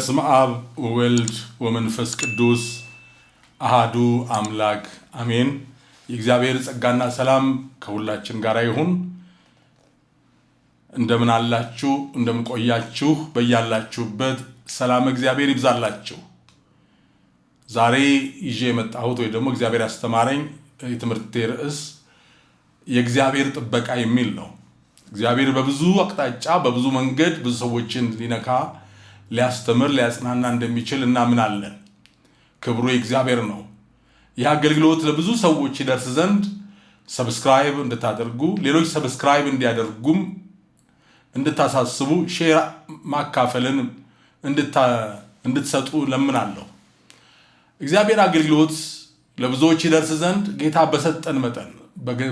በስም አብ ወወልድ ወመንፈስ ቅዱስ አሃዱ አምላክ አሜን። የእግዚአብሔር ጸጋና ሰላም ከሁላችን ጋር ይሁን። እንደምን አላችሁ? እንደምን ቆያችሁ? በያላችሁበት ሰላም እግዚአብሔር ይብዛላችሁ። ዛሬ ይዤ የመጣሁት ወይ ደግሞ እግዚአብሔር ያስተማረኝ የትምህርቴ ርዕስ የእግዚአብሔር ጥበቃ የሚል ነው። እግዚአብሔር በብዙ አቅጣጫ በብዙ መንገድ ብዙ ሰዎችን ሊነካ ሊያስተምር ሊያጽናና እንደሚችል እናምናለን። ክብሩ የእግዚአብሔር ነው። ይህ አገልግሎት ለብዙ ሰዎች ይደርስ ዘንድ ሰብስክራይብ እንድታደርጉ ሌሎች ሰብስክራይብ እንዲያደርጉም እንድታሳስቡ፣ ሼር ማካፈልን እንድትሰጡ ለምናለሁ። እግዚአብሔር አገልግሎት ለብዙዎች ይደርስ ዘንድ ጌታ በሰጠን መጠን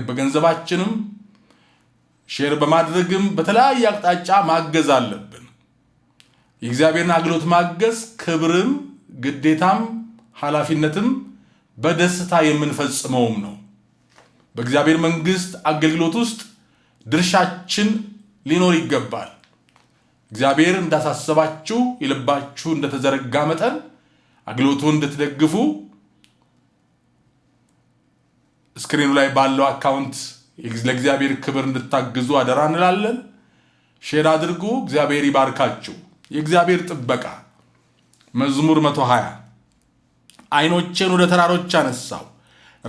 በገንዘባችንም ሼር በማድረግም በተለያየ አቅጣጫ ማገዝ አለን። የእግዚአብሔርን አገልግሎት ማገዝ ክብርም ግዴታም ኃላፊነትም በደስታ የምንፈጽመውም ነው። በእግዚአብሔር መንግሥት አገልግሎት ውስጥ ድርሻችን ሊኖር ይገባል። እግዚአብሔር እንዳሳሰባችሁ የልባችሁ እንደተዘረጋ መጠን አገልግሎቱ እንድትደግፉ ስክሪኑ ላይ ባለው አካውንት ለእግዚአብሔር ክብር እንድታግዙ አደራ እንላለን። ሼር አድርጉ። እግዚአብሔር ይባርካችሁ። የእግዚአብሔር ጥበቃ መዝሙር 120 አይኖቼን ወደ ተራሮች አነሳው፣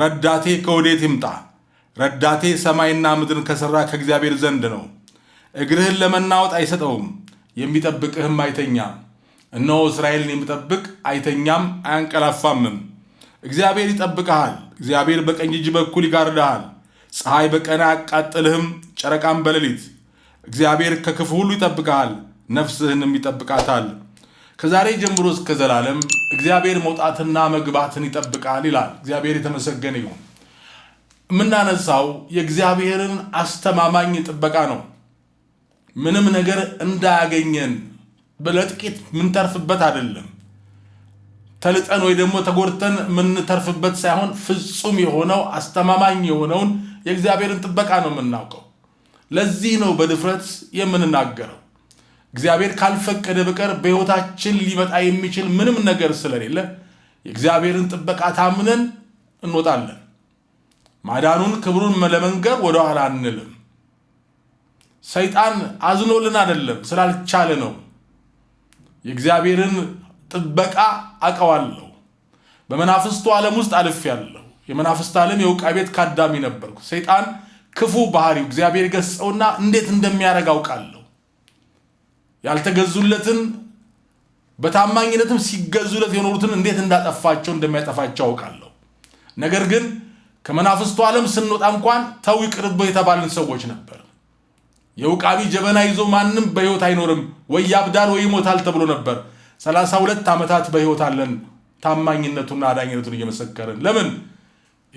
ረዳቴ ከወዴት ይምጣ? ረዳቴ ሰማይና ምድርን ከሠራ ከእግዚአብሔር ዘንድ ነው። እግርህን ለመናወጥ አይሰጠውም፣ የሚጠብቅህም አይተኛም። እነሆ እስራኤልን የሚጠብቅ አይተኛም አያንቀላፋምም። እግዚአብሔር ይጠብቅሃል። እግዚአብሔር በቀኝ እጅ በኩል ይጋርድሃል። ፀሐይ በቀን አያቃጥልህም፣ ጨረቃም በሌሊት። እግዚአብሔር ከክፉ ሁሉ ይጠብቀሃል ነፍስህንም ይጠብቃታል። ከዛሬ ጀምሮ እስከ ዘላለም እግዚአብሔር መውጣትና መግባትን ይጠብቃል ይላል። እግዚአብሔር የተመሰገነ ይሁን። የምናነሳው የእግዚአብሔርን አስተማማኝ ጥበቃ ነው። ምንም ነገር እንዳያገኘን ለጥቂት ምንተርፍበት አይደለም። ተልጠን ወይ ደግሞ ተጎድተን የምንተርፍበት ሳይሆን ፍጹም የሆነው አስተማማኝ የሆነውን የእግዚአብሔርን ጥበቃ ነው የምናውቀው። ለዚህ ነው በድፍረት የምንናገረው። እግዚአብሔር ካልፈቀደ በቀር በሕይወታችን ሊመጣ የሚችል ምንም ነገር ስለሌለ የእግዚአብሔርን ጥበቃ ታምነን እንወጣለን። ማዳኑን ክብሩን ለመንገር ወደኋላ አንልም። ሰይጣን አዝኖልን አይደለም፣ ስላልቻለ ነው። የእግዚአብሔርን ጥበቃ አቀዋለሁ። በመናፍስቱ ዓለም ውስጥ አልፌያለሁ። የመናፍስት ዓለም የውቃ ቤት ካዳሚ ነበርኩ። ሰይጣን ክፉ ባህሪው እግዚአብሔር ገጸውና እንዴት እንደሚያደርግ አውቃለሁ። ያልተገዙለትን በታማኝነትም ሲገዙለት የኖሩትን እንዴት እንዳጠፋቸው እንደሚያጠፋቸው አውቃለሁ። ነገር ግን ከመናፍስቱ ዓለም ስንወጣ እንኳን ተው ይቅርብ የተባልን ሰዎች ነበር። የውቃቢ ጀበና ይዞ ማንም በሕይወት አይኖርም ወይ ያብዳል ወይ ይሞታል ተብሎ ነበር። ሰላሳ ሁለት ዓመታት በሕይወት አለን። ታማኝነቱና አዳኝነቱን እየመሰከርን ለምን?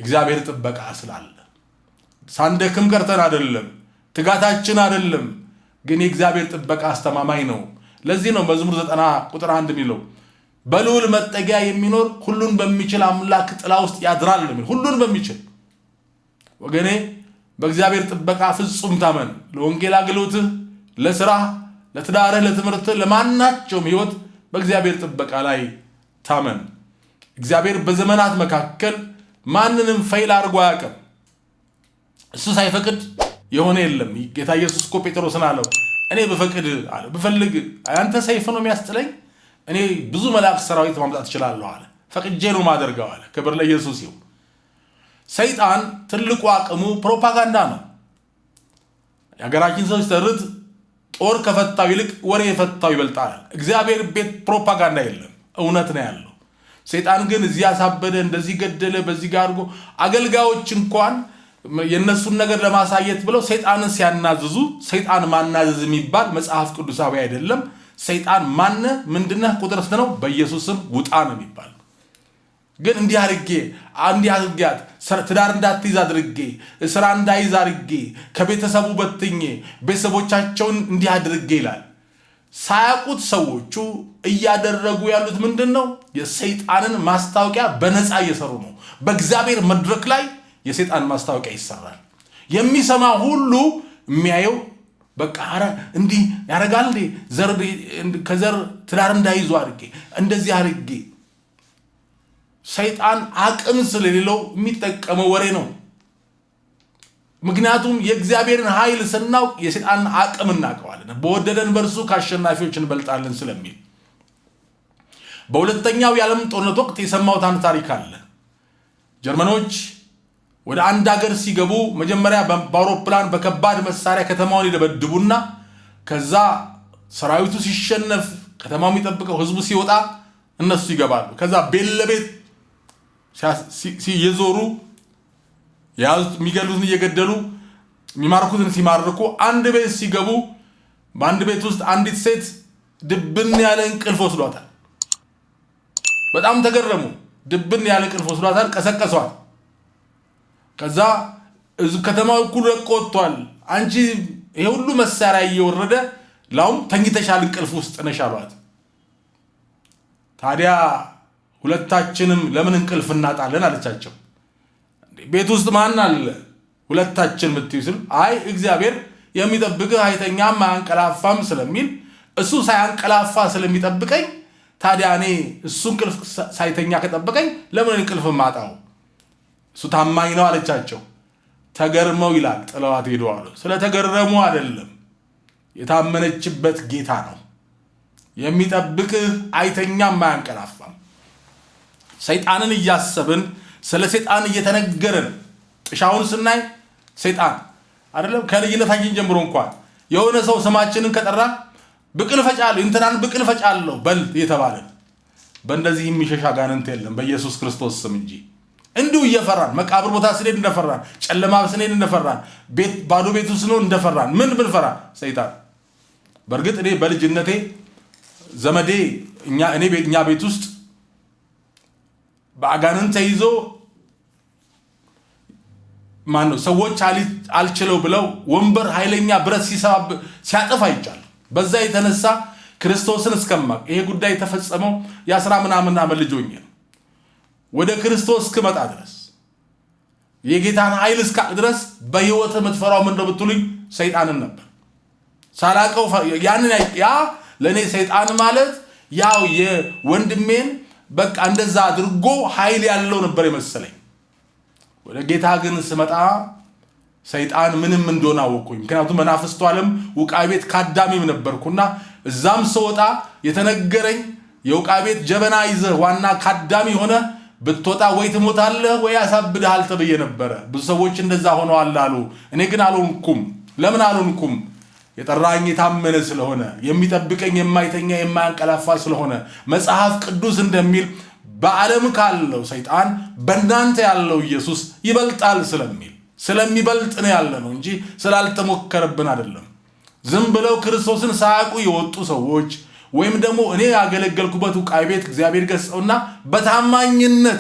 እግዚአብሔር ጥበቃ ስላለ ሳንደክም ቀርተን አይደለም፣ ትጋታችን አይደለም ግን የእግዚአብሔር ጥበቃ አስተማማኝ ነው። ለዚህ ነው መዝሙር ዘጠና ቁጥር አንድ የሚለው በልዑል መጠጊያ የሚኖር ሁሉን በሚችል አምላክ ጥላ ውስጥ ያድራል የሚል ሁሉን በሚችል ወገኔ፣ በእግዚአብሔር ጥበቃ ፍጹም ታመን። ለወንጌል አገልግሎትህ፣ ለስራህ፣ ለትዳርህ፣ ለትምህርትህ፣ ለማናቸውም ህይወት በእግዚአብሔር ጥበቃ ላይ ታመን። እግዚአብሔር በዘመናት መካከል ማንንም ፈይል አድርጎ አያውቅም። እሱ ሳይፈቅድ የሆነ የለም። ጌታ ኢየሱስ እኮ ጴጥሮስን አለው እኔ ብፈቅድ ብፈልግ አንተ ሰይፍ ነው የሚያስጥለኝ፣ እኔ ብዙ መላእክት ሰራዊት ማምጣት እችላለሁ አለ። ፈቅጄ ነው ማደርገው አለ። ክብር ለኢየሱስ ይሁን። ሰይጣን ትልቁ አቅሙ ፕሮፓጋንዳ ነው። የሀገራችን ሰዎች ተርት ጦር ከፈታው ይልቅ ወሬ የፈታው ይበልጣል። እግዚአብሔር ቤት ፕሮፓጋንዳ የለም፣ እውነት ነው ያለው። ሰይጣን ግን እዚህ ያሳበደ፣ እንደዚህ ገደለ፣ በዚህ ጋር አድርጎ አገልጋዮች እንኳን የእነሱን ነገር ለማሳየት ብለው ሰይጣንን ሲያናዝዙ ሰይጣን ማናዘዝ የሚባል መጽሐፍ ቅዱሳዊ አይደለም። ሰይጣን ማነ ምንድነህ ቁጥር ስንት ነው? በኢየሱስም ውጣ ነው የሚባል ግን እንዲህ አድርጌ እንዲህ አድርጌያት ትዳር እንዳትይዝ አድርጌ ስራ እንዳይዝ አድርጌ ከቤተሰቡ በትኜ ቤተሰቦቻቸውን እንዲህ አድርጌ ይላል። ሳያውቁት ሰዎቹ እያደረጉ ያሉት ምንድን ነው? የሰይጣንን ማስታወቂያ በነፃ እየሰሩ ነው። በእግዚአብሔር መድረክ ላይ የሴጣን ማስታወቂያ ይሰራል። የሚሰማ ሁሉ የሚያየው በቃ ኧረ እንዲህ ያደርጋል እንዴ? ዘር ከዘር ትዳር እንዳይዙ አድርጌ እንደዚህ አድርጌ ሰይጣን አቅም ስለሌለው የሚጠቀመው ወሬ ነው። ምክንያቱም የእግዚአብሔርን ኃይል ስናውቅ የሰይጣንን አቅም እናውቀዋለን። በወደደን በእርሱ ከአሸናፊዎች እንበልጣለን ስለሚል በሁለተኛው የዓለም ጦርነት ወቅት የሰማሁት አንድ ታሪክ አለ። ጀርመኖች ወደ አንድ ሀገር ሲገቡ መጀመሪያ በአውሮፕላን በከባድ መሳሪያ ከተማውን ይደበድቡና ከዛ ሰራዊቱ ሲሸነፍ ከተማው የሚጠብቀው ህዝቡ ሲወጣ እነሱ ይገባሉ። ከዛ ቤት ለቤት እየዞሩ የያዙት የሚገሉትን እየገደሉ የሚማርኩትን ሲማርኩ አንድ ቤት ሲገቡ በአንድ ቤት ውስጥ አንዲት ሴት ድብን ያለ እንቅልፍ ወስዷታል። በጣም ተገረሙ። ድብን ያለ እንቅልፍ ወስዷታል። ቀሰቀሷል። ከዛ ከተማ እኩል ለቆ ወጥቷል። አንቺ ይሄ ሁሉ መሳሪያ እየወረደ ላውም ተኝተሻል፣ እንቅልፍ ውስጥ ነሽ አሏት። ታዲያ ሁለታችንም ለምን እንቅልፍ እናጣለን አለቻቸው። ቤት ውስጥ ማን አለ ሁለታችን የምትዩ ስል አይ እግዚአብሔር የሚጠብቅህ አይተኛም አያንቀላፋም ስለሚል እሱ ሳያንቀላፋ ስለሚጠብቀኝ ታዲያ እኔ እሱ እንቅልፍ ሳይተኛ ከጠበቀኝ ለምን እንቅልፍ ማጣው እሱ ታማኝ ነው አለቻቸው። ተገርመው ይላል ጥለዋት ሄዱ አሉ። ስለተገረሙ አይደለም፣ የታመነችበት ጌታ ነው የሚጠብቅህ። አይተኛም፣ አያንቀላፋም። ሰይጣንን እያሰብን ስለ ሰይጣን እየተነገረን ጥሻውን ስናይ ሰይጣን አይደለም ከልጅነታችን ጀምሮ እንኳን የሆነ ሰው ስማችንን ከጠራ ብቅል ፈጫለሁ እንትናን ብቅል ፈጫለሁ በል የተባለን በእንደዚህ የሚሸሽ አጋንንት የለም በኢየሱስ ክርስቶስ ስም እንጂ እንዲሁ እየፈራን መቃብር ቦታ ስንሄድ እንደፈራን፣ ጨለማ ስንሄድ እንደፈራን፣ ቤት ባዶ ቤቱ ስንሆን እንደፈራን፣ ምን ብንፈራ ሰይጣን። በእርግጥ እኔ በልጅነቴ ዘመዴ እኛ እኔ እኛ ቤት ውስጥ በአጋንን ተይዞ ማን ነው ሰዎች አልችለው ብለው ወንበር ኃይለኛ ብረት ሲሰባብ ሲያጠፋ ይቻል። በዛ የተነሳ ክርስቶስን እስከማቅ ይሄ ጉዳይ የተፈጸመው የአስራ ምናምን ዓመት ልጅ ሆኜ ነው። ወደ ክርስቶስ እስክመጣ ድረስ የጌታን ኃይል እስካቅ ድረስ በህይወት የምትፈራው ምንድ ብትሉኝ ሰይጣንን ነበር። ሳላቀው ያንን ያ ለእኔ ሰይጣን ማለት ያው የወንድሜን በቃ እንደዛ አድርጎ ኃይል ያለው ነበር የመሰለኝ። ወደ ጌታ ግን ስመጣ ሰይጣን ምንም እንደሆነ አወቅኩኝ። ምክንያቱም መናፍስቱ ዓለም ውቃቤ ቤት ካዳሚም ነበርኩና እዛም ስወጣ የተነገረኝ የውቃ ቤት ጀበና ይዘህ ዋና ካዳሚ ሆነ ብትወጣ ወይ ትሞታለህ ወይ ያሳብድሃል ተብዬ ነበረ። ብዙ ሰዎች እንደዛ ሆነዋል አሉ። እኔ ግን አልሆንኩም። ለምን አልሆንኩም? የጠራኝ የታመነ ስለሆነ፣ የሚጠብቀኝ የማይተኛ የማያንቀላፋ ስለሆነ መጽሐፍ ቅዱስ እንደሚል በዓለም ካለው ሰይጣን በእናንተ ያለው ኢየሱስ ይበልጣል ስለሚል ስለሚበልጥ ነው ያለ ነው እንጂ ስላልተሞከረብን አይደለም። ዝም ብለው ክርስቶስን ሳያውቁ የወጡ ሰዎች ወይም ደግሞ እኔ ያገለገልኩበት ቃይ ቤት እግዚአብሔር ገጸውና በታማኝነት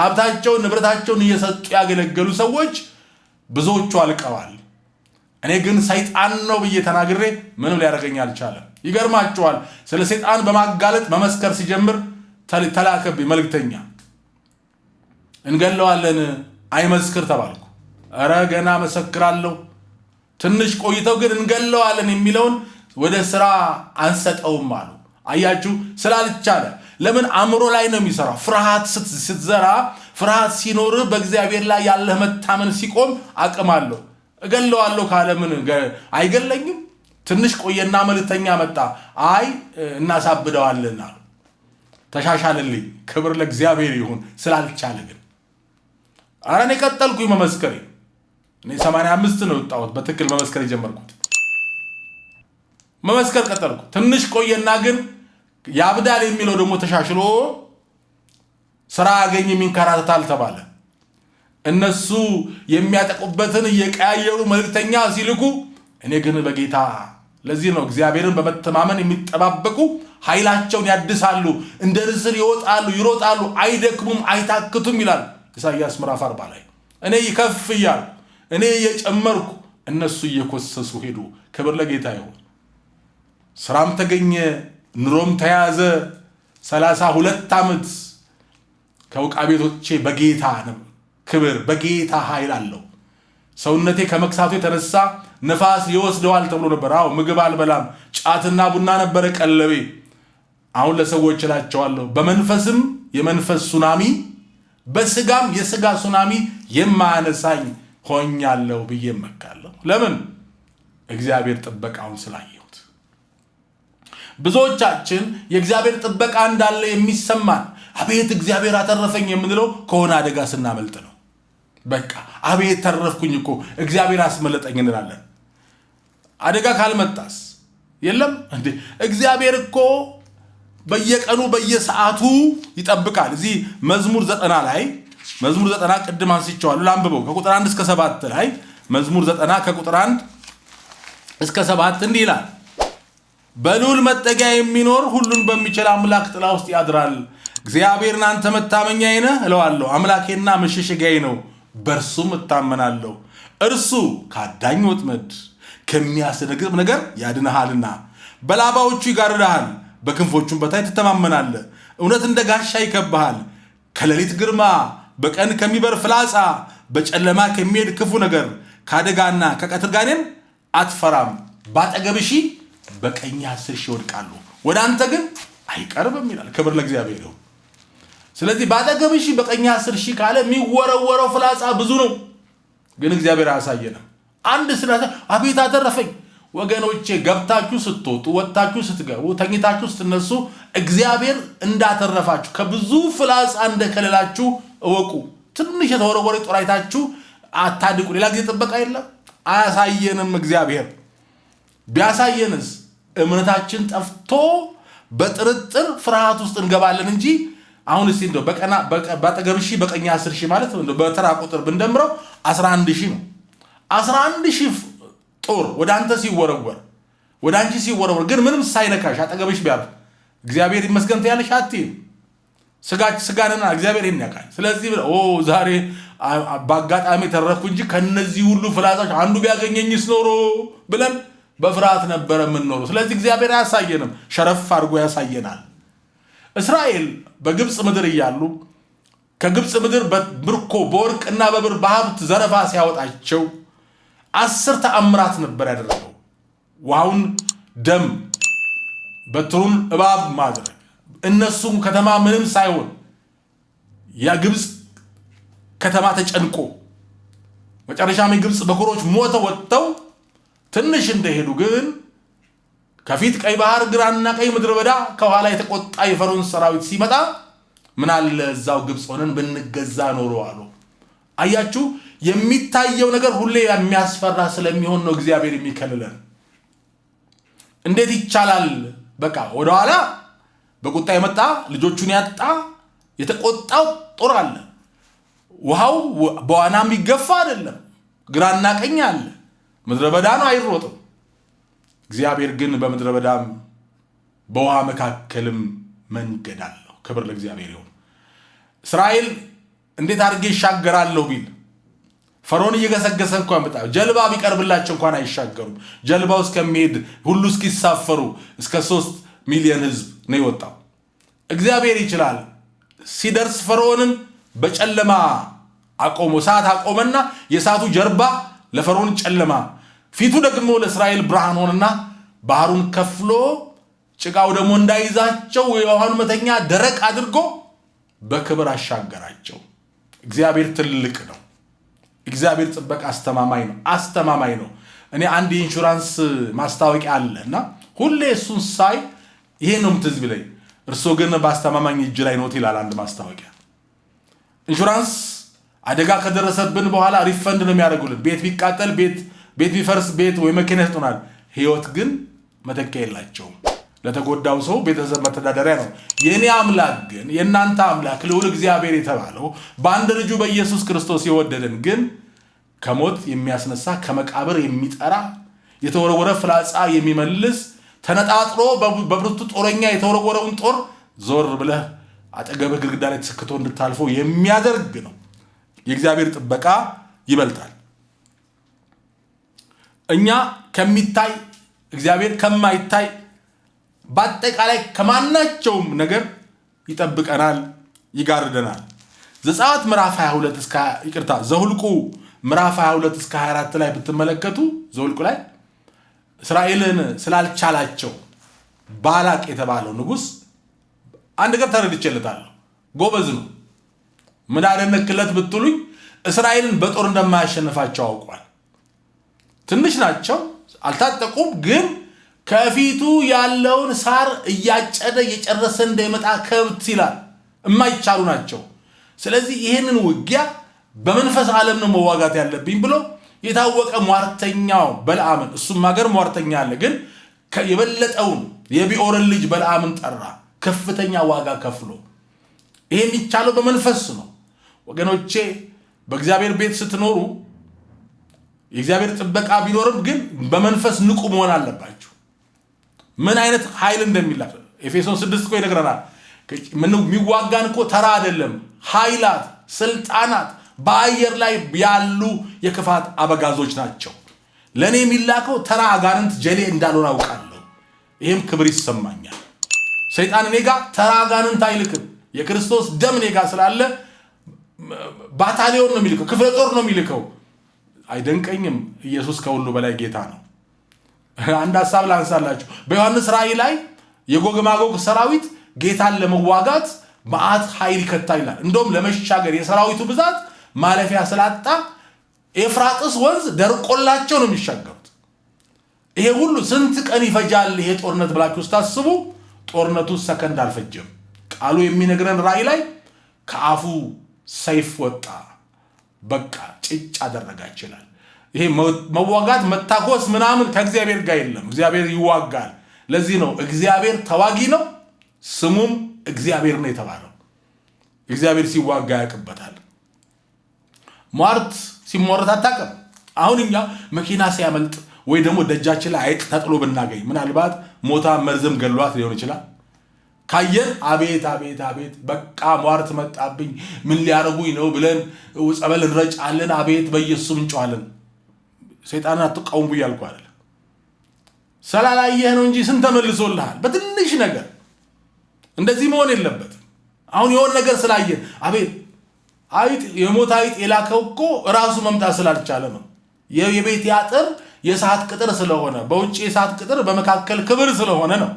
ሀብታቸውን ንብረታቸውን እየሰጡ ያገለገሉ ሰዎች ብዙዎቹ አልቀዋል። እኔ ግን ሰይጣን ነው ብዬ ተናግሬ ምንም ሊያደርገኝ አልቻለም። ይገርማቸዋል። ስለ ሰይጣን በማጋለጥ መመስከር ሲጀምር ተላከብኝ መልክተኛ እንገለዋለን አይመስክር ተባልኩ። እረ ገና መሰክራለሁ። ትንሽ ቆይተው ግን እንገለዋለን የሚለውን ወደ ስራ አንሰጠውም አሉ። አያችሁ ስላልቻለ ለምን አእምሮ ላይ ነው የሚሰራው ፍርሃት ስትዘራ ፍርሃት ሲኖር በእግዚአብሔር ላይ ያለህ መታመን ሲቆም አቅም አለው እገለዋለሁ ካለ ምን አይገለኝም ትንሽ ቆየና መልእክተኛ መጣ አይ እናሳብደዋለን አሉ ተሻሻለልኝ ክብር ለእግዚአብሔር ይሁን ስላልቻለ ግን አረን እኔ መመስከሬ እኔ 85 ነው የወጣሁት በትክክል መመስከር የጀመርኩት መመስከር ቀጠልኩ ትንሽ ቆየና ግን ያብዳል የሚለው ደግሞ ተሻሽሎ ስራ አገኝ የሚንከራተታል ተባለ። እነሱ የሚያጠቁበትን እየቀያየሩ መልእክተኛ ሲልኩ፣ እኔ ግን በጌታ ለዚህ ነው እግዚአብሔርን በመተማመን የሚጠባበቁ ኃይላቸውን ያድሳሉ፣ እንደ ንስር ይወጣሉ፣ ይሮጣሉ፣ አይደክሙም፣ አይታክቱም ይላል ኢሳያስ ምዕራፍ አርባ ላይ እኔ ይከፍ እያል እኔ እየጨመርኩ እነሱ እየኮሰሱ ሄዱ። ክብር ለጌታ ይሁን። ስራም ተገኘ ኑሮም ተያዘ። ሰላሳ ሁለት ዓመት ከውቃ ቤቶቼ በጌታ ክብር በጌታ ኃይል አለው። ሰውነቴ ከመክሳቱ የተነሳ ነፋስ ይወስደዋል ተብሎ ነበር። አዎ ምግብ አልበላም፣ ጫትና ቡና ነበረ ቀለቤ። አሁን ለሰዎች እላቸዋለሁ በመንፈስም የመንፈስ ሱናሚ በስጋም የስጋ ሱናሚ የማያነሳኝ ሆኛለሁ ብዬ እመካለሁ። ለምን? እግዚአብሔር ጥበቃውን ስላየ ብዙዎቻችን የእግዚአብሔር ጥበቃ እንዳለ የሚሰማን አቤት እግዚአብሔር አተረፈኝ የምንለው ከሆነ አደጋ ስናመልጥ ነው። በቃ አቤት ተረፍኩኝ እኮ እግዚአብሔር አስመለጠኝ እንላለን። አደጋ ካልመጣስ የለም እንዴ? እግዚአብሔር እኮ በየቀኑ በየሰዓቱ ይጠብቃል። እዚህ መዝሙር ዘጠና ላይ መዝሙር ዘጠና ቅድም አንስቼዋለሁ። ላንብበው ከቁጥር አንድ እስከ ሰባት ላይ መዝሙር ዘጠና ከቁጥር አንድ እስከ ሰባት እንዲህ ይላል በልዑል መጠጊያ የሚኖር ሁሉን በሚችል አምላክ ጥላ ውስጥ ያድራል። እግዚአብሔር አንተ መታመኛዬ ነህ እለዋለሁ፣ አምላኬና መሸሸጊያዬ ነው፣ በእርሱም እታመናለሁ። እርሱ ከአዳኝ ወጥመድ ከሚያስደነግጥ ነገር ያድንሃልና፣ በላባዎቹ ይጋርድሃል፣ በክንፎቹም በታይ ትተማመናለህ። እውነት እንደ ጋሻ ይከብሃል፣ ከሌሊት ግርማ፣ በቀን ከሚበር ፍላጻ፣ በጨለማ ከሚሄድ ክፉ ነገር፣ ከአደጋና ከቀትር ጋኔን አትፈራም። ባጠገብህ ሺህ በቀኝ አስር ሺህ ይወድቃሉ፣ ወደ አንተ ግን አይቀርብም ይላል። ክብር ለእግዚአብሔር ይሁን። ስለዚህ በአጠገብ ሺህ በቀኝ አስር ሺህ ካለ የሚወረወረው ፍላጻ ብዙ ነው፣ ግን እግዚአብሔር አያሳየንም። አንድ ስለ አቤት አተረፈኝ። ወገኖቼ ገብታችሁ ስትወጡ፣ ወጥታችሁ ስትገቡ፣ ተኝታችሁ ስትነሱ እግዚአብሔር እንዳተረፋችሁ ከብዙ ፍላጻ እንደከለላችሁ እወቁ። ትንሽ የተወረወረ ጦር አይታችሁ አታድቁ። ሌላ ጊዜ ጥበቃ የለም። አያሳየንም እግዚአብሔር ቢያሳየንስ እምነታችን ጠፍቶ በጥርጥር ፍርሃት ውስጥ እንገባለን እንጂ አሁን እስቲ እንደው በቀና በአጠገብ ሺህ በቀኝ አስር ሺህ ማለት እንደው በተራ ቁጥር ብንደምረው 11 ሺህ ነው። 11 ሺህ ጦር ወደ አንተ ሲወረወር ወደ አንቺ ሲወረወር ግን ምንም ሳይነካሽ አጠገብሽ ቢያሉ እግዚአብሔር ይመስገን ትያለሽ አትይም። ስጋንና እግዚአብሔር ይህን ያውቃል። ስለዚህ ዛሬ በአጋጣሚ ተረፍኩ እንጂ ከነዚህ ሁሉ ፍላጻዎች አንዱ ቢያገኘኝስ ኖሮ ብለን በፍርሃት ነበረ የምንኖረው። ስለዚህ እግዚአብሔር አያሳየንም፣ ሸረፍ አድርጎ ያሳየናል። እስራኤል በግብፅ ምድር እያሉ ከግብፅ ምድር በምርኮ በወርቅና በብር በሀብት ዘረፋ ሲያወጣቸው አስር ተአምራት ነበር ያደረገው። ውሃውን ደም፣ በትሩን እባብ ማድረግ እነሱም ከተማ ምንም ሳይሆን የግብፅ ከተማ ተጨንቆ መጨረሻም የግብፅ በኩሮች ሞተ ወጥተው ትንሽ እንደሄዱ ግን ከፊት ቀይ ባህር ግራና ቀይ ምድረ በዳ ከኋላ የተቆጣ የፈርዖን ሰራዊት ሲመጣ ምናለ እዛው ግብፅ ሆነን ብንገዛ ኖሮ አሉ። አያችሁ፣ የሚታየው ነገር ሁሌ የሚያስፈራ ስለሚሆን ነው እግዚአብሔር የሚከልለን። እንዴት ይቻላል? በቃ ወደኋላ በቁጣ የመጣ ልጆቹን ያጣ የተቆጣው ጦር አለ። ውሃው በዋናም ይገፋ አይደለም፣ ግራና ቀኝ አለ። ምድረ በዳ ነው አይሮጥም። እግዚአብሔር ግን በምድረ በዳም በውሃ መካከልም መንገድ አለው። ክብር ለእግዚአብሔር ይሁን። እስራኤል እንዴት አድርጌ ይሻገራለሁ ቢል ፈርዖን እየገሰገሰ እንኳን በጣም ጀልባ ቢቀርብላቸው እንኳን አይሻገሩም። ጀልባው እስከሚሄድ ሁሉ እስኪሳፈሩ እስከ ሶስት ሚሊዮን ህዝብ ነው የወጣው። እግዚአብሔር ይችላል። ሲደርስ ፈርዖንን በጨለማ አቆሞ እሳት አቆመና የእሳቱ ጀርባ ለፈርዖን ጨለማ ፊቱ ደግሞ ለእስራኤል ብርሃን ሆነና ባህሩን ከፍሎ ጭቃው ደግሞ እንዳይዛቸው የውሃኑ መተኛ ደረቅ አድርጎ በክብር አሻገራቸው። እግዚአብሔር ትልቅ ነው። እግዚአብሔር ጥበቃ አስተማማኝ ነው። አስተማማኝ ነው። እኔ አንድ የኢንሹራንስ ማስታወቂያ አለ እና ሁሌ እሱን ሳይ ይሄ ነው ምትዝ ብለኝ፣ እርስዎ ግን በአስተማማኝ እጅ ላይ ኖት ይላል አንድ ማስታወቂያ። ኢንሹራንስ አደጋ ከደረሰብን በኋላ ሪፈንድ ነው የሚያደርጉልን። ቤት ቢቃጠል ቤት ቤት ቢፈርስ ቤት ወይ መኪና ይሰጡናል። ህይወት ግን መተኪያ የላቸውም። ለተጎዳው ሰው ቤተሰብ መተዳደሪያ ነው። የእኔ አምላክ ግን የእናንተ አምላክ ልዑል እግዚአብሔር የተባለው በአንድ ልጁ በኢየሱስ ክርስቶስ የወደደን ግን ከሞት የሚያስነሳ ከመቃብር የሚጠራ የተወረወረ ፍላጻ የሚመልስ ተነጣጥሮ በብርቱ ጦረኛ የተወረወረውን ጦር ዞር ብለህ አጠገብህ ግድግዳ ላይ ተሰክቶ እንድታልፈው የሚያደርግ ነው። የእግዚአብሔር ጥበቃ ይበልጣል። እኛ ከሚታይ እግዚአብሔር ከማይታይ በአጠቃላይ ከማናቸውም ነገር ይጠብቀናል፣ ይጋርደናል። ዘጸአት ምዕራፍ 22 እስከ ይቅርታ ዘሁልቁ ምዕራፍ 22 እስከ 24 ላይ ብትመለከቱ ዘሁልቁ ላይ እስራኤልን ስላልቻላቸው ባላቅ የተባለው ንጉሥ አንድ ነገር ተረድቼለታለሁ። ጎበዝ ነው። ምን አደነክለት ብትሉኝ እስራኤልን በጦር እንደማያሸንፋቸው አውቋል። ትንሽ ናቸው፣ አልታጠቁም። ግን ከፊቱ ያለውን ሳር እያጨደ እየጨረሰ እንዳይመጣ ከብት ይላል። እማይቻሉ ናቸው። ስለዚህ ይህንን ውጊያ በመንፈስ ዓለም ነው መዋጋት ያለብኝ ብሎ የታወቀ ሟርተኛው በልአምን እሱም ሀገር ሟርተኛ አለ። ግን የበለጠውን የቢኦርን ልጅ በልአምን ጠራ፣ ከፍተኛ ዋጋ ከፍሎ። ይሄ የሚቻለው በመንፈስ ነው ወገኖቼ። በእግዚአብሔር ቤት ስትኖሩ የእግዚአብሔር ጥበቃ ቢኖርም ግን በመንፈስ ንቁ መሆን አለባችሁ። ምን አይነት ኃይል እንደሚላት ኤፌሶን ስድስት እኮ ይነግረናል። የሚዋጋን እኮ ተራ አይደለም፣ ኃይላት፣ ስልጣናት በአየር ላይ ያሉ የክፋት አበጋዞች ናቸው። ለእኔ የሚላከው ተራ አጋንንት ጀሌ እንዳልሆን አውቃለሁ። ይህም ክብር ይሰማኛል። ሰይጣን እኔ ጋ ተራ አጋንንት አይልክም። የክርስቶስ ደም እኔ ስላለ ባታሊዮን ነው የሚልከው፣ ክፍለ ጦር ነው የሚልከው አይደንቀኝም። ኢየሱስ ከሁሉ በላይ ጌታ ነው። አንድ ሀሳብ ላንሳላችሁ። በዮሐንስ ራእይ ላይ የጎግ ማጎግ ሰራዊት ጌታን ለመዋጋት መዓት ኃይል ይከታ ይላል። እንደውም ለመሻገር የሰራዊቱ ብዛት ማለፊያ ስላጣ ኤፍራጥስ ወንዝ ደርቆላቸው ነው የሚሻገሩት። ይሄ ሁሉ ስንት ቀን ይፈጃል ይሄ ጦርነት ብላችሁ ስታስቡ ጦርነቱ ሰከንድ አልፈጀም። ቃሉ የሚነግረን ራእይ ላይ ከአፉ ሰይፍ ወጣ በቃ ጭጭ አደረጋቸው ይላል። ይሄ መዋጋት መታኮስ ምናምን ከእግዚአብሔር ጋር የለም። እግዚአብሔር ይዋጋል። ለዚህ ነው እግዚአብሔር ተዋጊ ነው፣ ስሙም እግዚአብሔር ነው የተባለው። እግዚአብሔር ሲዋጋ ያውቅበታል። ሟርት ሲሟረት አታውቅም። አሁን እኛ መኪና ሲያመልጥ ወይ ደግሞ ደጃችን ላይ አይጥ ተጥሎ ብናገኝ ምናልባት ሞታ መርዝም ገሏት ሊሆን ይችላል ካየን አቤት አቤት አቤት በቃ ሟርት መጣብኝ፣ ምን ሊያደርጉኝ ነው ብለን ጸበል እንረጫለን። አቤት በኢየሱስም እንጫዋለን ሰይጣንን አትቃወሙ ብዬ አልኩህ አይደል? ስላላየህ ነው እንጂ ስንት ተመልሶልሃል በትንሽ ነገር። እንደዚህ መሆን የለበትም። አሁን የሆን ነገር ስላየን አቤት አይጥ የሞት አይጥ የላከው እኮ ራሱ መምጣት ስላልቻለ ነው። የቤት አጥር የሰዓት ቅጥር ስለሆነ በውጭ የሰዓት ቅጥር በመካከል ክብር ስለሆነ ነው።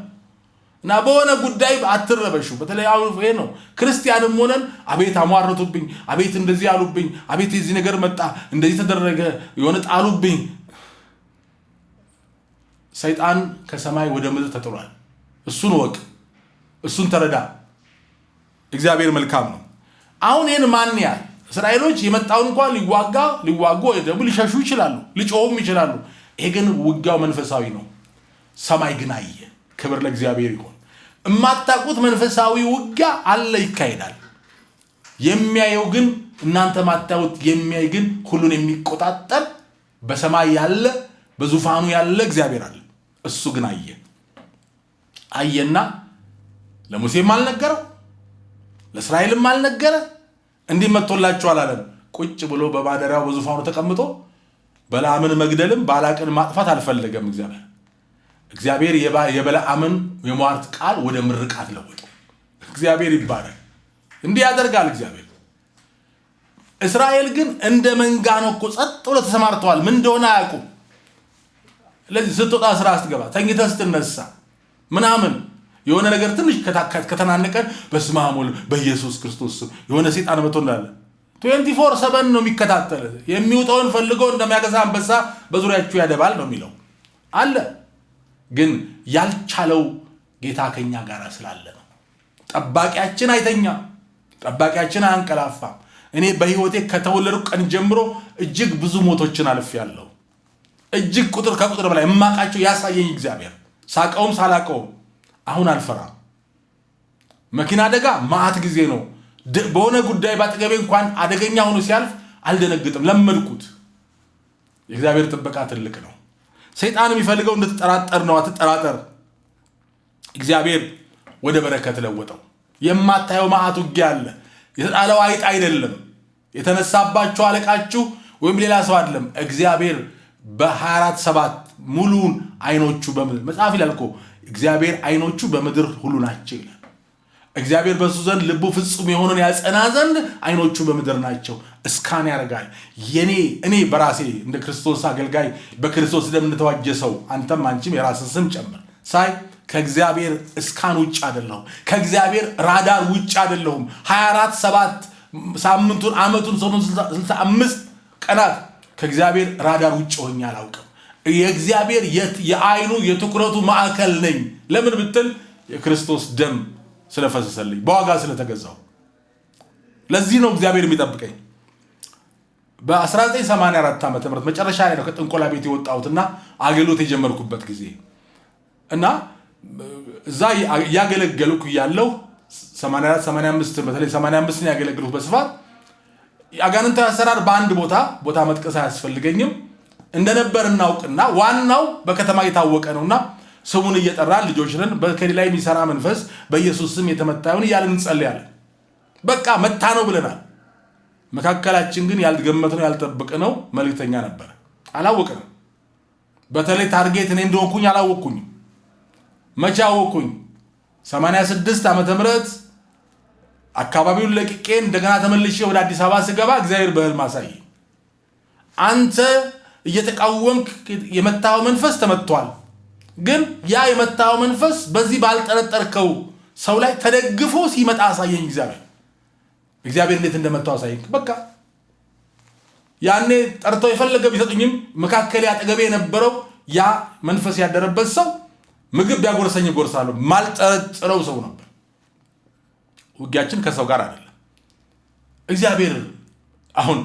እና በሆነ ጉዳይ አትረበሹ። በተለይ አሁን ይሄ ነው ክርስቲያንም ሆነን አቤት አሟረቱብኝ፣ አቤት እንደዚህ አሉብኝ፣ አቤት የዚህ ነገር መጣ፣ እንደዚህ ተደረገ፣ የሆነ ጣሉብኝ። ሰይጣን ከሰማይ ወደ ምድር ተጥሏል። እሱን ወቅ፣ እሱን ተረዳ። እግዚአብሔር መልካም ነው። አሁን ይህን ማን ያል እስራኤሎች የመጣውን እንኳን ሊዋጋ ሊዋጉ ወይ ደግሞ ሊሸሹ ይችላሉ፣ ሊጮሁም ይችላሉ። ይሄ ግን ውጊያው መንፈሳዊ ነው። ሰማይ ግን አየ። ክብር ለእግዚአብሔር ይሁን። እማታቁት መንፈሳዊ ውጊያ አለ፣ ይካሄዳል። የሚያየው ግን እናንተ ማታውት የሚያይ ግን ሁሉን የሚቆጣጠር በሰማይ ያለ በዙፋኑ ያለ እግዚአብሔር አለ። እሱ ግን አየ አየና ለሙሴም አልነገረው ለእስራኤልም አልነገረ። እንዲህ መጥቶላችሁ አላለም። ቁጭ ብሎ በማደሪያው በዙፋኑ ተቀምጦ በላምን መግደልም ባላቅን ማጥፋት አልፈለገም እግዚአብሔር እግዚአብሔር የበለዓምን የሟርት ቃል ወደ ምርቃት ለወጡ። እግዚአብሔር ይባረክ። እንዲህ ያደርጋል እግዚአብሔር። እስራኤል ግን እንደ መንጋ ነው እኮ ጸጥ ብሎ ተሰማርተዋል። ምን እንደሆነ አያውቁም። ስለዚህ ስትወጣ ስራ ስትገባ፣ ተኝተ ስትነሳ ምናምን የሆነ ነገር ትንሽ ከተናነቀን በስመ አብ በኢየሱስ ክርስቶስ ስም የሆነ ሴጣን መቶ እንዳለ ትዌንቲ ፎር ሰቨን ነው የሚከታተል። የሚውጠውን ፈልጎ እንደሚያገሳ አንበሳ በዙሪያችሁ ያደባል ነው የሚለው አለ ግን ያልቻለው ጌታ ከኛ ጋር ስላለ ነው። ጠባቂያችን አይተኛም፣ ጠባቂያችን አያንቀላፋም። እኔ በህይወቴ ከተወለዱ ቀን ጀምሮ እጅግ ብዙ ሞቶችን አልፌያለሁ። እጅግ ቁጥር ከቁጥር በላይ እማቃቸው ያሳየኝ እግዚአብሔር ሳቀውም ሳላቀውም አሁን አልፈራም። መኪና አደጋ ማአት ጊዜ ነው። በሆነ ጉዳይ ባጠገቤ እንኳን አደገኛ ሆኖ ሲያልፍ አልደነግጥም፣ ለመድኩት። የእግዚአብሔር ጥበቃ ትልቅ ነው። ሰይጣን የሚፈልገው እንድትጠራጠር ነው። አትጠራጠር። እግዚአብሔር ወደ በረከት ለወጠው። የማታየው መዓት ውጊያ አለ። የተጣለው አይጥ አይደለም፣ የተነሳባችሁ አለቃችሁ ወይም ሌላ ሰው አይደለም። እግዚአብሔር በ24 ሰባት ሙሉን አይኖቹ በምድር መጽሐፍ ይላል እኮ እግዚአብሔር አይኖቹ በምድር ሁሉ ናቸው ይላል። እግዚአብሔር በእሱ ዘንድ ልቡ ፍጹም የሆነን ያጸና ዘንድ አይኖቹ በምድር ናቸው። እስካን ያደርጋል። የኔ እኔ በራሴ እንደ ክርስቶስ አገልጋይ በክርስቶስ ደም እንደተዋጀ ሰው አንተም አንቺም የራስን ስም ጨምር ሳይ ከእግዚአብሔር እስካን ውጭ አይደለሁም። ከእግዚአብሔር ራዳር ውጭ አይደለሁም። 24 ሰባት ሳምንቱን ዓመቱን ሰኑን 65 ቀናት ከእግዚአብሔር ራዳር ውጭ ሆኜ አላውቅም። የእግዚአብሔር የአይኑ የትኩረቱ ማዕከል ነኝ። ለምን ብትል የክርስቶስ ደም ስለፈሰሰልኝ፣ በዋጋ ስለተገዛው። ለዚህ ነው እግዚአብሔር የሚጠብቀኝ። በ1984 ዓ ም መጨረሻ ላይ ነው ከጥንቆላ ቤት የወጣሁትና አገልግሎት የጀመርኩበት ጊዜ እና እዛ እያገለገልኩ ያለው 84 85 በተለይ 85 ያገለግሉት በስፋት አጋንንታዊ አሰራር በአንድ ቦታ ቦታ መጥቀስ አያስፈልገኝም እንደነበር እናውቅና ዋናው በከተማ የታወቀ ነውና ስሙን እየጠራ ልጆች ነን፣ ላይ የሚሰራ መንፈስ በኢየሱስ ስም የተመታ ይሁን እያልን እንጸልያለን። በቃ መታ ነው ብለናል። መካከላችን ግን ያልገመትነው ያልጠበቅነው መልእክተኛ ነበረ። አላወቅንም። በተለይ ታርጌት እኔ እንደሆንኩኝ አላወቅኩኝ። መቼ አወቅኩኝ? 86 ዓመተ ምህረት አካባቢውን ለቅቄ እንደገና ተመልሼ ወደ አዲስ አበባ ስገባ እግዚአብሔር በህልም አሳየኝ። አንተ እየተቃወምክ የመታው መንፈስ ተመቷል ግን ያ የመታው መንፈስ በዚህ ባልጠረጠርከው ሰው ላይ ተደግፎ ሲመጣ አሳየኝ። እግዚአብሔር እግዚአብሔር እንዴት እንደመታው አሳየኝ። በቃ ያኔ ጠርተው የፈለገ ቢሰጡኝም መካከል አጠገቤ የነበረው ያ መንፈስ ያደረበት ሰው ምግብ ቢያጎርሰኝ ጎርሳሉ ማልጠረጥረው ሰው ነበር። ውጊያችን ከሰው ጋር አይደለም። እግዚአብሔር አሁን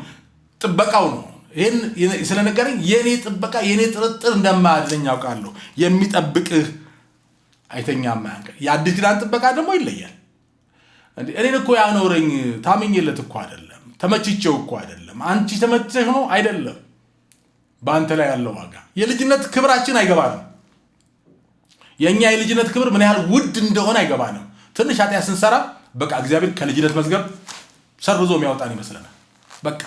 ጥበቃው ነው። ይህን ስለነገረኝ የእኔ ጥበቃ የእኔ ጥርጥር እንደማያለኝ ያውቃለሁ። የሚጠብቅህ አይተኛ ማያንቀ የአዲስ ኪዳን ጥበቃ ደግሞ ይለያል። እኔን እኮ ያኖረኝ ታምኜለት እኮ አይደለም፣ ተመችቼው እኮ አይደለም። አንቺ ተመችተሽ ነው አይደለም። በአንተ ላይ ያለው ዋጋ የልጅነት ክብራችን አይገባንም። የእኛ የልጅነት ክብር ምን ያህል ውድ እንደሆነ አይገባንም። ትንሽ ኃጢአት ስንሰራ በቃ እግዚአብሔር ከልጅነት መዝገብ ሰርዞ የሚያወጣን ይመስለናል። በቃ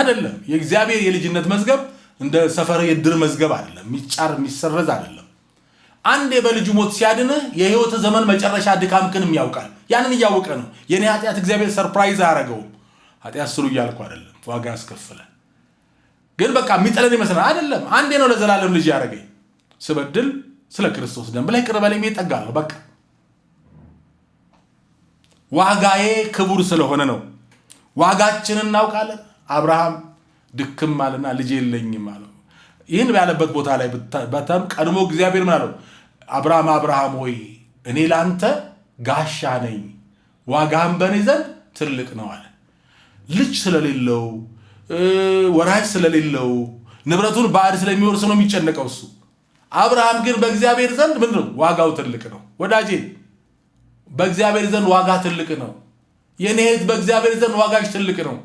አይደለም። የእግዚአብሔር የልጅነት መዝገብ እንደ ሰፈር የድር መዝገብ አይደለም፣ የሚጫር የሚሰረዝ አይደለም። አንዴ በልጁ ሞት ሲያድንህ የህይወት ዘመን መጨረሻ ድካምክንም ያውቃል። ያንን እያወቀ ነው። የኔ ኃጢአት እግዚአብሔር ሰርፕራይዝ አያረገውም። ኃጢአት ስሩ እያልኩ አይደለም፣ ዋጋ ያስከፍለ ግን በቃ የሚጠለን ይመስላል። አይደለም። አንዴ ነው ለዘላለም ልጅ ያደረገኝ። ስበድል ስለ ክርስቶስ ደም ላይ ላይ ጠጋለሁ። በቃ ዋጋዬ ክቡር ስለሆነ ነው። ዋጋችንን እናውቃለን። አብርሃም ድክም አለና ልጅ የለኝም አለው። ይህን ያለበት ቦታ ላይ በጣም ቀድሞ እግዚአብሔር ምን አለው? አብርሃም አብርሃም ሆይ እኔ ለአንተ ጋሻ ነኝ፣ ዋጋህም በእኔ ዘንድ ትልቅ ነው አለ። ልጅ ስለሌለው ወራሽ ስለሌለው ንብረቱን ባዕድ ስለሚወርስ ነው የሚጨነቀው እሱ። አብርሃም ግን በእግዚአብሔር ዘንድ ምንድን ነው ዋጋው ትልቅ ነው። ወዳጄ በእግዚአብሔር ዘንድ ዋጋ ትልቅ ነው። የኔ እህት በእግዚአብሔር ዘንድ ዋጋሽ ትልቅ ነው።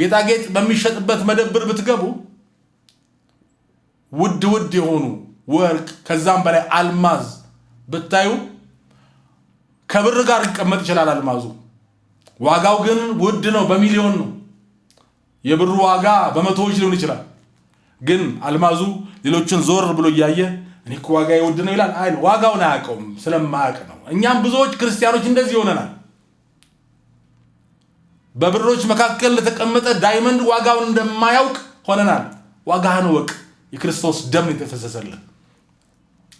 ጌጣጌጥ በሚሸጥበት መደብር ብትገቡ ውድ ውድ የሆኑ ወርቅ ከዛም በላይ አልማዝ ብታዩ ከብር ጋር ሊቀመጥ ይችላል አልማዙ። ዋጋው ግን ውድ ነው፣ በሚሊዮን ነው። የብሩ ዋጋ በመቶዎች ሊሆን ይችላል። ግን አልማዙ ሌሎችን ዞር ብሎ እያየ እኔ ዋጋ ውድ ነው ይላል። አይ ዋጋውን አያውቀውም፣ ስለማያውቅ ነው። እኛም ብዙዎች ክርስቲያኖች እንደዚህ ይሆነናል። በብሮች መካከል ለተቀመጠ ዳይመንድ ዋጋውን እንደማያውቅ ሆነናል። ዋጋህን ወቅ የክርስቶስ ደም የተፈሰሰልን።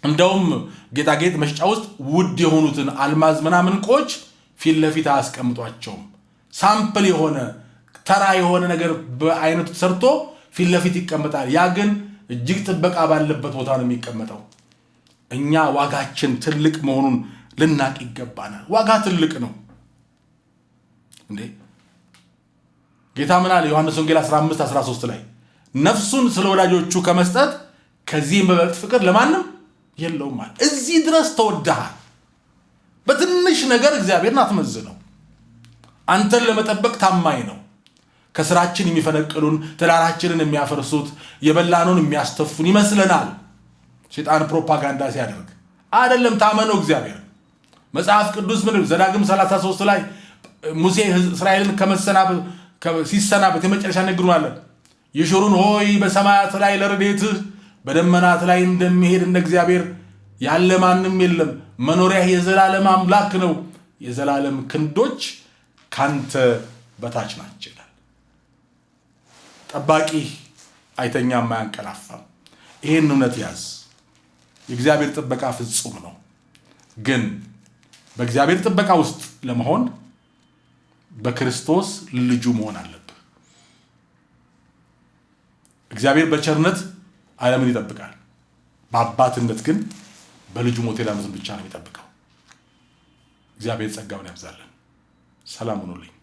እንደውም ጌጣጌጥ መሸጫ ውስጥ ውድ የሆኑትን አልማዝ ምናምን ዕንቁዎች ፊት ለፊት አያስቀምጧቸውም። ሳምፕል የሆነ ተራ የሆነ ነገር በአይነቱ ተሰርቶ ፊት ለፊት ይቀመጣል። ያ ግን እጅግ ጥበቃ ባለበት ቦታ ነው የሚቀመጠው። እኛ ዋጋችን ትልቅ መሆኑን ልናቅ ይገባናል። ዋጋ ትልቅ ነው እንዴ! ጌታ ምን አለ? ዮሐንስ ወንጌል 15 13 ላይ ነፍሱን ስለ ወዳጆቹ ከመስጠት ከዚህም በበልጥ ፍቅር ለማንም የለውም አለ። እዚህ ድረስ ተወድሃል። በትንሽ ነገር እግዚአብሔርን አትመዝነው። አንተን ለመጠበቅ ታማኝ ነው። ከስራችን የሚፈነቅሉን ትዳራችንን የሚያፈርሱት የበላኑን የሚያስተፉን ይመስለናል። ሴጣን ፕሮፓጋንዳ ሲያደርግ አይደለም። ታመነው እግዚአብሔር መጽሐፍ ቅዱስ ምን ዘዳግም 33 ላይ ሙሴ እስራኤልን ከመሰናበት ሲሰናበት የመጨረሻ ንግሩን አለን። ይሹሩን ሆይ በሰማያት ላይ ለረዴትህ በደመናት ላይ እንደሚሄድ እንደ እግዚአብሔር ያለ ማንም የለም። መኖሪያህ የዘላለም አምላክ ነው። የዘላለም ክንዶች ካንተ በታች ናቸው ይላል። ጠባቂ አይተኛም አያንቀላፋም። ይህን እውነት ያዝ። የእግዚአብሔር ጥበቃ ፍጹም ነው። ግን በእግዚአብሔር ጥበቃ ውስጥ ለመሆን በክርስቶስ ልጁ መሆን አለብህ። እግዚአብሔር በቸርነት ዓለምን ይጠብቃል። በአባትነት ግን በልጁ ሞት የዳኑትን ብቻ ነው የሚጠብቀው። እግዚአብሔር ጸጋውን ያብዛለን። ሰላም ሁኑልኝ።